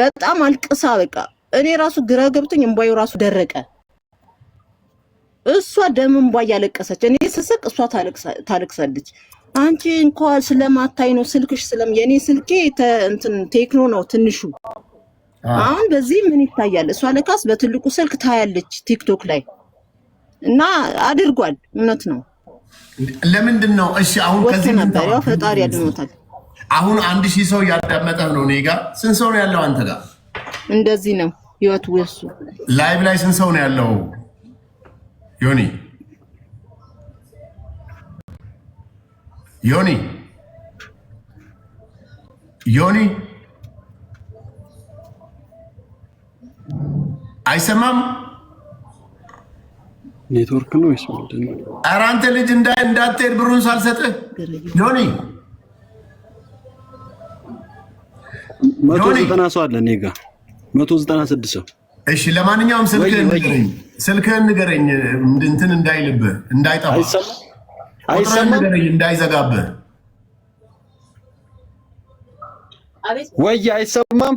በጣም አልቅሳ በቃ እኔ ራሱ ግራ ገብቶኝ እንባዩ ራሱ ደረቀ። እሷ ደም እንባ እያለቀሰች እኔ ስስቅ እሷ ታለቅሳለች። አንቺ እንኳን ስለማታይ ነው ስልክሽ ስለም የኔ ስልኬ እንትን ቴክኖ ነው ትንሹ። አሁን በዚህ ምን ይታያል? እሷ ለካስ በትልቁ ስልክ ታያለች ቲክቶክ ላይ እና አድርጓል። እውነት ነው። ለምንድን ነው እሺ? አሁን ከዚህ ፈጣሪ ያድኖታል። አሁን አንድ ሺህ ሰው እያዳመጠ ነው። እኔ ጋ ስንት ሰው ነው ያለው? አንተ ጋር እንደዚህ ነው ህይወቱ። ወሱ ላይቭ ላይ ስንት ሰው ነው ያለው? ዮኒ ዮኒ ዮኒ አይሰማም። ኔትወርክ ነው ይሰማል። አራንተ ልጅ ልጅ እንዳትሄድ ብሩን ሳልሰጥህ ዮኒ መቶ ዘጠና ሰው አለ እኔ ጋ መቶ ዘጠና ስድስት ሰው እሺ ለማንኛውም ስልክህን ንገረኝ፣ ስልክህን ንገረኝ እንትን እንዳይልብህ እንዳይጠፋ አይሰማም ንገረኝ እንዳይዘጋብህ። ወይ አይሰማም።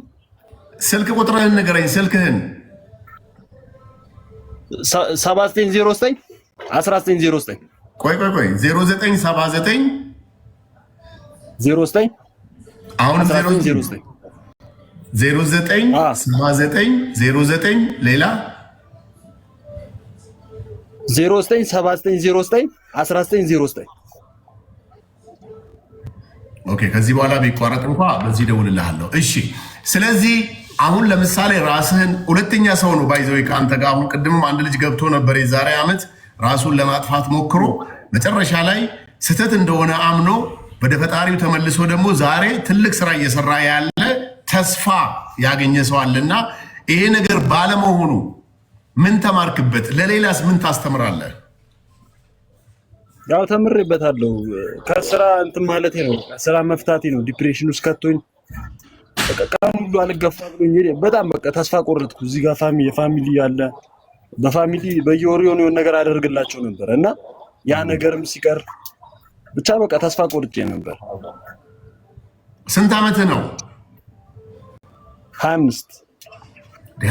ስልክ ቁጥርህን ንገረኝ ስልክህን ዜሮ ዘጠኝ ቆይ ቆይ ቆይ ዜሮ ዘጠኝ አሁን ዘጠኝ 0979 ሌላ 0979 ኦኬ። ከዚህ በኋላ ቢቋረጥ እንኳ በዚህ ደውልልሃለሁ። እሺ። ስለዚህ አሁን ለምሳሌ ራስህን ሁለተኛ ሰው ነው ባይዘው ከአንተ ጋር አሁን ቅድምም አንድ ልጅ ገብቶ ነበር የዛሬ ዓመት ራሱን ለማጥፋት ሞክሮ መጨረሻ ላይ ስህተት እንደሆነ አምኖ ወደ ፈጣሪው ተመልሶ ደግሞ ዛሬ ትልቅ ስራ እየሰራ ያለ ተስፋ ያገኘ ሰው አለና ይሄ ነገር ባለመሆኑ ምን ተማርክበት? ለሌላስ ምን ታስተምራለህ? ያው ተምሬበታለሁ። ከስራ እንትን ማለቴ ነው፣ ከስራ መፍታቴ ነው። ዲፕሬሽን ውስጥ ከቶኝ ቀን ሁሉ አልገፋ ብሎኝ በጣም በቃ ተስፋ ቆረጥኩ። እዚህ ጋር የፋሚሊ ያለ በፋሚሊ በየወሩ የሆነ ነገር አደርግላቸው ነበር እና ያ ነገርም ሲቀር ብቻ በቃ ተስፋ ቆርጬ ነበር። ስንት አመት ነው? ሀያ አምስት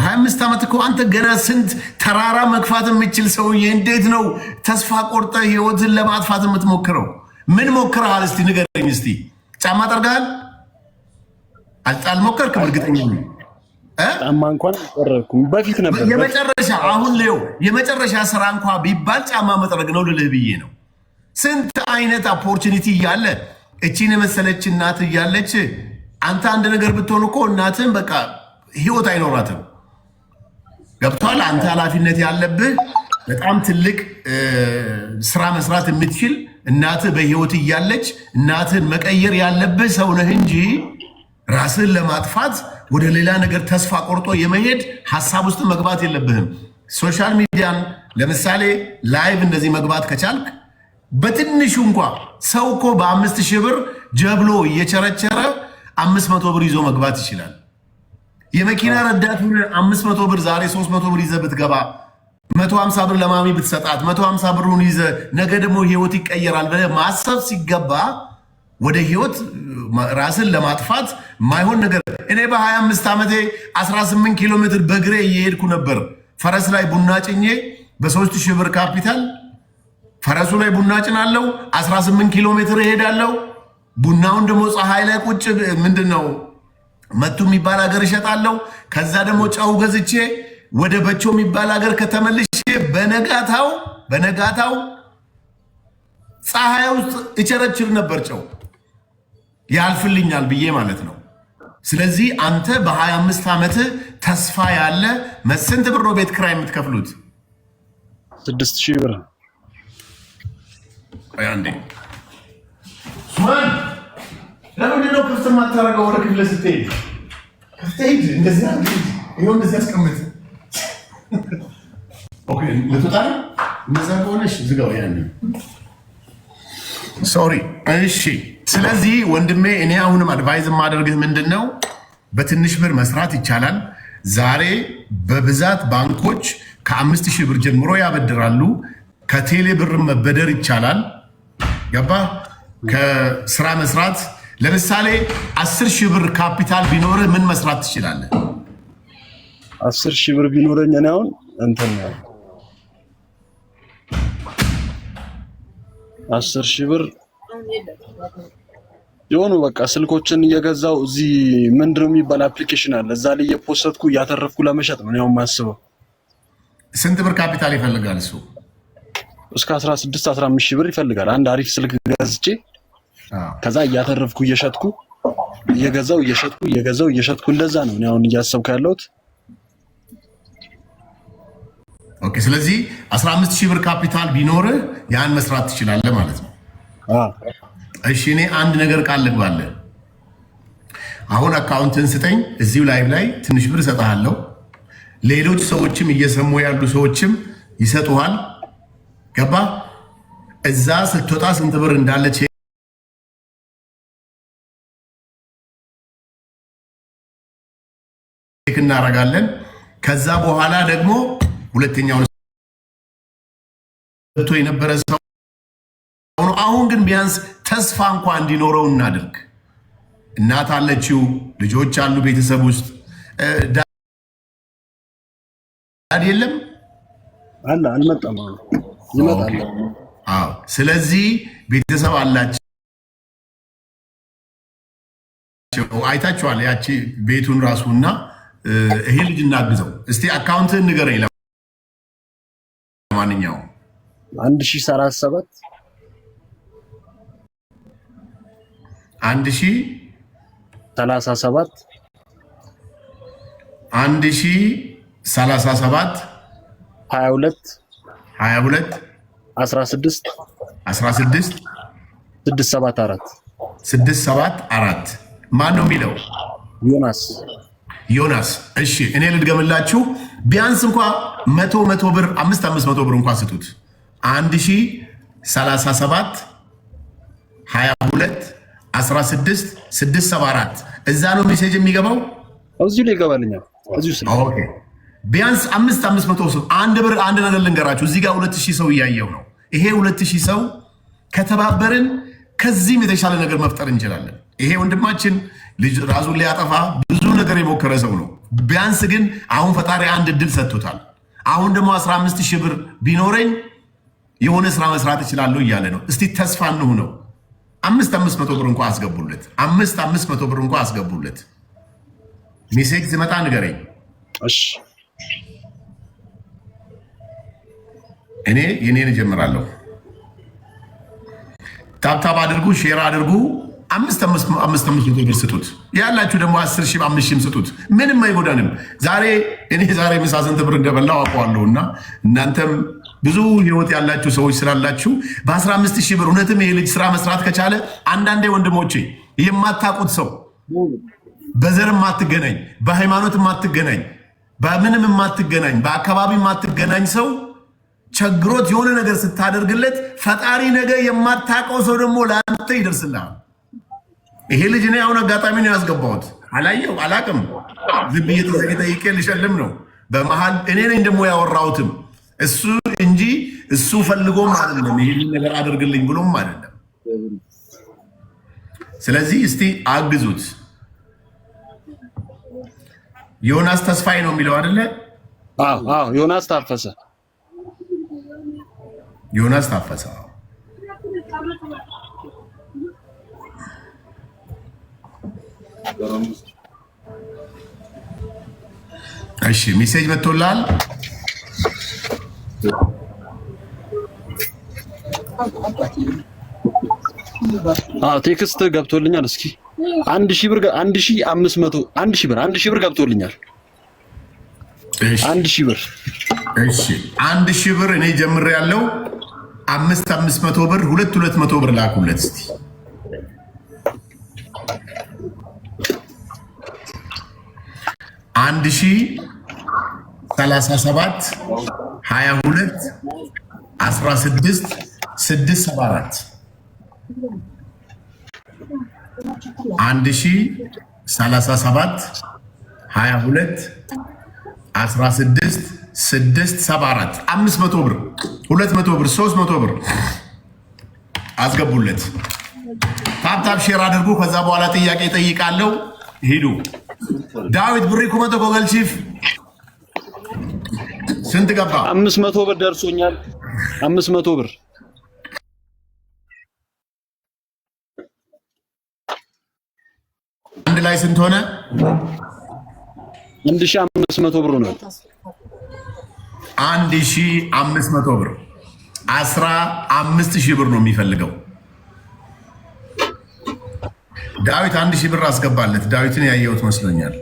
ሀያ አምስት ዓመት እኮ አንተ ገና ስንት ተራራ መግፋት የምችል ሰውዬ፣ እንዴት ነው ተስፋ ቆርጠ ህይወትን ለማጥፋት የምትሞክረው? ምን ሞክረሃል? እስቲ ንገረኝ። እስቲ ጫማ ጠርገሃል? አልሞከርክም? እርግጠኛ ነኝ። ጫማ እንኳን አልጠረኩም፣ በፊት ነበር። የመጨረሻ አሁን ሌው የመጨረሻ ስራ እንኳ ቢባል ጫማ መጥረግ ነው ልልህ ብዬ ነው። ስንት አይነት ኦፖርቹኒቲ እያለ እቺን የመሰለች እናት እያለች አንተ አንድ ነገር ብትሆን እኮ እናትህን በቃ ህይወት አይኖራትም። ገብቷል። አንተ ኃላፊነት ያለብህ በጣም ትልቅ ስራ መስራት የምትችል እናትህ በህይወት እያለች እናትህን መቀየር ያለብህ ሰው ነህ እንጂ ራስህን ለማጥፋት ወደ ሌላ ነገር ተስፋ ቆርጦ የመሄድ ሀሳብ ውስጥ መግባት የለብህም። ሶሻል ሚዲያን ለምሳሌ ላይቭ እንደዚህ መግባት ከቻልክ በትንሹ እንኳ ሰው እኮ በአምስት ሺህ ብር ጀብሎ እየቸረቸረ አምስት መቶ ብር ይዞ መግባት ይችላል። የመኪና ረዳቱን አምስት መቶ ብር ዛሬ ሶስት መቶ ብር ይዘህ ብትገባ መቶ ሀምሳ ብር ለማሚ ብትሰጣት መቶ ሀምሳ ብሩን ይዘህ ነገ ደግሞ ህይወት ይቀየራል ብለህ ማሰብ ሲገባ ወደ ህይወት ራስን ለማጥፋት ማይሆን ነገር። እኔ በሀያ አምስት ዓመቴ 18 ኪሎ ሜትር በእግሬ እየሄድኩ ነበር። ፈረስ ላይ ቡና ጭኜ በሶስት ሺህ ብር ካፒታል ፈረሱ ላይ ቡና ጭናለው። 18 ኪሎ ሜትር እሄዳለው። ቡናውን ደግሞ ፀሐይ ላይ ቁጭ ምንድን ነው መቱ የሚባል ሀገር እሸጣለሁ። ከዛ ደግሞ ጨው ገዝቼ ወደ በቾ የሚባል ሀገር ከተመልሼ በነጋታው በነጋታው ፀሐይ ውስጥ እቸረችር ነበር ጨው ያልፍልኛል ብዬ ማለት ነው። ስለዚህ አንተ በ25 ዓመት ተስፋ ያለ መስንት ብሮ ቤት ክራይ የምትከፍሉት? ስድስት ሺህ ብር ለምንድን ነው ክፍት የማታደርገው? ወደ ክፍለ ስትሄድ ክፍት ሂድ፣ እንደዚህ አድርግ፣ ይኸው እንደዚህ አስቀምጥ። ኦኬ ልትወጣ ነው። እንደዛ ከሆነሽ ዝጋው። ያንን ሶሪ። እሺ፣ ስለዚህ ወንድሜ እኔ አሁንም አድቫይዝ የማደርግህ ምንድን ነው፣ በትንሽ ብር መስራት ይቻላል። ዛሬ በብዛት ባንኮች ከአምስት ሺህ ብር ጀምሮ ያበድራሉ። ከቴሌ ብር መበደር ይቻላል። ገባ ከስራ መስራት ለምሳሌ አስር ሺህ ብር ካፒታል ቢኖርህ ምን መስራት ትችላለህ? አስር ሺህ ብር ቢኖረኝ እኔ አሁን እንትን አስር ሺህ ብር የሆኑ በቃ ስልኮችን እየገዛው እዚህ ምንድነው የሚባል አፕሊኬሽን አለ፣ እዛ ላይ እየፖሰትኩ እያተረፍኩ ለመሸጥ ነው ያው የማስበው። ስንት ብር ካፒታል ይፈልጋል እሱ? እስከ 16 15 ሺህ ብር ይፈልጋል። አንድ አሪፍ ስልክ ገዝቼ ከዛ እያተረፍኩ እየሸጥኩ እየገዛው እየሸጥኩ እየገዛው እየሸጥኩ እንደዛ ነው እኔ አሁን እያሰብኩ ያለሁት። ኦኬ ስለዚህ 15 ሺህ ብር ካፒታል ቢኖርህ ያን መስራት ትችላለህ ማለት ነው። እሺ እኔ አንድ ነገር ቃል ልግባለህ። አሁን አካውንትን ስጠኝ፣ እዚሁ ላይቭ ላይ ትንሽ ብር እሰጥሃለሁ። ሌሎች ሰዎችም እየሰሙ ያሉ ሰዎችም ይሰጡሃል። ገባ እዛ ስትወጣ ስንት ብር እንዳለች ቼክ እናደርጋለን። ከዛ በኋላ ደግሞ ሁለተኛውን ቶ የነበረ ሰው አሁን ግን ቢያንስ ተስፋ እንኳ እንዲኖረው እናድርግ። እናት አለችው፣ ልጆች አሉ፣ ቤተሰብ ውስጥ ዳድ የለም አለ አልመጣም። አዎ፣ ስለዚህ ቤተሰብ አላቸው። አይታችኋል ያቺ ቤቱን ራሱ እና ይሄ ልጅ እናግዘው እስቲ አካውንትህን ንገረኝ። ለማንኛውም አንድ ሺ ሰላሳ ሰባት አንድ ሺ ሰላሳ ሰባት አንድ ሺ ሰላሳ ሰባት ሀያ ሁለት ሀያ ሁለት አስራ ስድስት አስራ ስድስት ስድስት ሰባት አራት ስድስት ሰባት አራት ማን ነው የሚለው ዮናስ ዮናስ እሺ፣ እኔ ልድገምላችሁ። ቢያንስ እንኳ መቶ መቶ ብር አምስት አምስት መቶ ብር እንኳ ስጡት። አንድ ሺ ሰላሳ ሰባት ሀያ ሁለት አስራ ስድስት ስድስት ሰባ አራት እዛ ነው ሜሴጅ የሚገባው። እዚሁ ላይ ይገባልኛል። ቢያንስ አምስት አምስት መቶ ሰው አንድ ብር አንድ ነገር ልንገራችሁ። እዚህ ጋር ሁለት ሺህ ሰው እያየው ነው። ይሄ ሁለት ሺህ ሰው ከተባበርን ከዚህም የተሻለ ነገር መፍጠር እንችላለን። ይሄ ወንድማችን ልጅ ራሱን ሊያጠፋ ነገር የሞከረ ሰው ነው። ቢያንስ ግን አሁን ፈጣሪ አንድ እድል ሰጥቶታል። አሁን ደግሞ 15 ሺህ ብር ቢኖረኝ የሆነ ስራ መስራት እችላለሁ እያለ ነው። እስቲ ተስፋ እንሁ ነው። አምስት አምስት መቶ ብር እንኳ አስገቡለት። አምስት አምስት መቶ ብር እንኳ አስገቡለት። ሚሴክ ዝመጣ ንገረኝ። እኔ የኔን እጀምራለሁ። ታብታብ አድርጉ፣ ሼር አድርጉ። አምስት አምስት ብር ስጡት። ያላችሁ ደግሞ አስር ሺህ አምስት ሺህም ስጡት። ምንም አይጎዳንም። ዛሬ እኔ ዛሬ ምሳ ስንት ብር እንደበላው አውቀዋለሁ እና እናንተም ብዙ ህይወት ያላችሁ ሰዎች ስላላችሁ በ15 ሺህ ብር እውነትም ይሄ ልጅ ስራ መስራት ከቻለ አንዳንዴ ወንድሞቼ የማታውቁት ሰው በዘር የማትገናኝ በሃይማኖት የማትገናኝ በምንም የማትገናኝ በአካባቢ የማትገናኝ ሰው ቸግሮት የሆነ ነገር ስታደርግለት ፈጣሪ ነገ የማታውቀው ሰው ደግሞ ለአንተ ይደርስልሃል። ይሄ ልጅ እኔ አሁን አጋጣሚ ነው ያስገባሁት። አላየው አላቅም። ዝም ብዬ ልሸልም ነው። በመሀል እኔ ነኝ ደግሞ ያወራሁትም እሱ እንጂ እሱ ፈልጎም አይደለም። ይህን ነገር አድርግልኝ ብሎም አይደለም። ስለዚህ እስቲ አግዙት። ዮናስ ተስፋዬ ነው የሚለው አይደለ? ዮናስ ታፈሰ ዮናስ ታፈሰ እሺ ሜሴጅ መጥቶልሃል። ቴክስት ገብቶልኛል። እስኪ አንድ ሺህ ብር አንድ ሺህ አምስት መቶ አንድ ሺህ ብር አንድ ሺህ ብር ገብቶልኛል። አንድ ሺህ ብር እሺ፣ አንድ ሺህ ብር እኔ ጀምሬያለሁ። አምስት አምስት መቶ ብር ሁለት ሁለት መቶ ብር ላኩለት እስቲ አንድ ሺ ሰላሳ ሰባት ሀያ ሁለት አስራ ስድስት ስድስት ሰባ አራት አንድ ሺ ሰላሳ ሰባት ሀያ ሁለት አስራ ስድስት ስድስት ሰባ አራት አምስት መቶ ብር ሁለት መቶ ብር ሶስት መቶ ብር አስገቡለት። ታፕታፕ ሼር አድርጉ። ከዛ በኋላ ጥያቄ ጠይቃለሁ። ሂዱ። ዳዊት ብሪ ኩመቶ ኮገልቺፍ ስንት ገባ? አምስት መቶ ብር ደርሶኛል። አምስት መቶ ብር አንድ ላይ ስንት ሆነ? አንድ ሺህ አምስት መቶ ብር ነው። አንድ ሺህ አምስት መቶ ብር አስራ አምስት ሺህ ብር ነው የሚፈልገው ዳዊት አንድ ሺህ ብር አስገባለት። ዳዊትን ያየሁት መስሎኛል።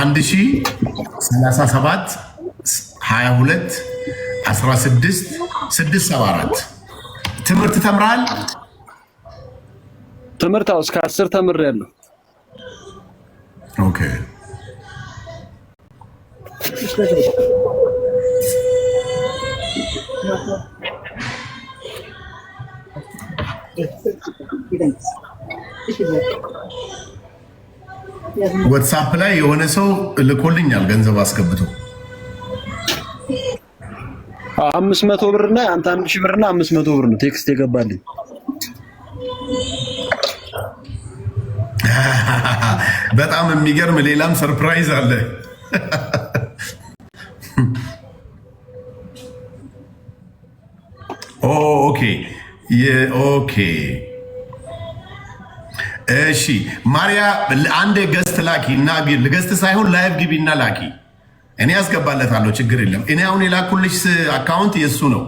አንድ ሺህ ሰላሳ ሰባት ሀያ ሁለት አስራ ስድስት ስድስት ሰባ አራት ትምህርት ተምራል። ትምህርት እስከ አስር ተምር ያለው ኦኬ ዋትሳፕ ላይ የሆነ ሰው ልኮልኛል ገንዘብ አስገብቶ አምስት መቶ ብር እና አንተ አንድ ሺህ ብር እና አምስት መቶ ብር ነው ቴክስት የገባልኝ። በጣም የሚገርም ሌላም ሰርፕራይዝ አለ። ኦኬ ኦኬ እሺ ማርያ አንድ ገስት ላኪ እና ገስት ሳይሆን ላይቭ ግቢ እና ላኪ። እኔ ያስገባለታለሁ፣ ችግር የለም። እኔ አሁን የላኩልሽ አካውንት የእሱ ነው።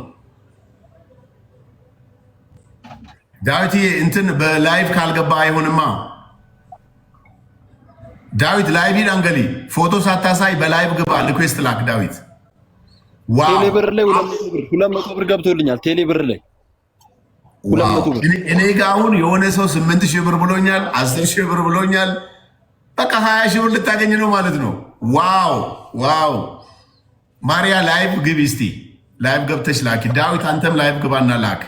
ዳዊት እንትን በላይቭ ካልገባ አይሆንማ። ዳዊት ላይቭ አንገሊ ፎቶ ሳታሳይ በላይቭ ግባ። ሪኩዌስት ላክ ዳዊት ቴሌ ላይ ሁለት መቶ ብር ገብቶልኛል። ቴሌ ላይ እኔ ጋ አሁን የሆነ ሰው ስምንት ሺህ ብር ብሎኛል፣ አስር ሺህ ብር ብሎኛል። በቃ ሀያ ሺህ ብር ልታገኝ ነው ማለት ነው። ዋው ዋው! ማሪያ ላይቭ ግቢ እስቲ፣ ላይቭ ገብተች ላክ ዳዊት አንተም ላይቭ ግባና ላክ።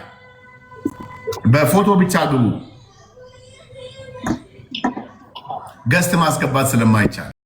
በፎቶ ብቻ ግቡ፣ ገስት ማስገባት ስለማይቻል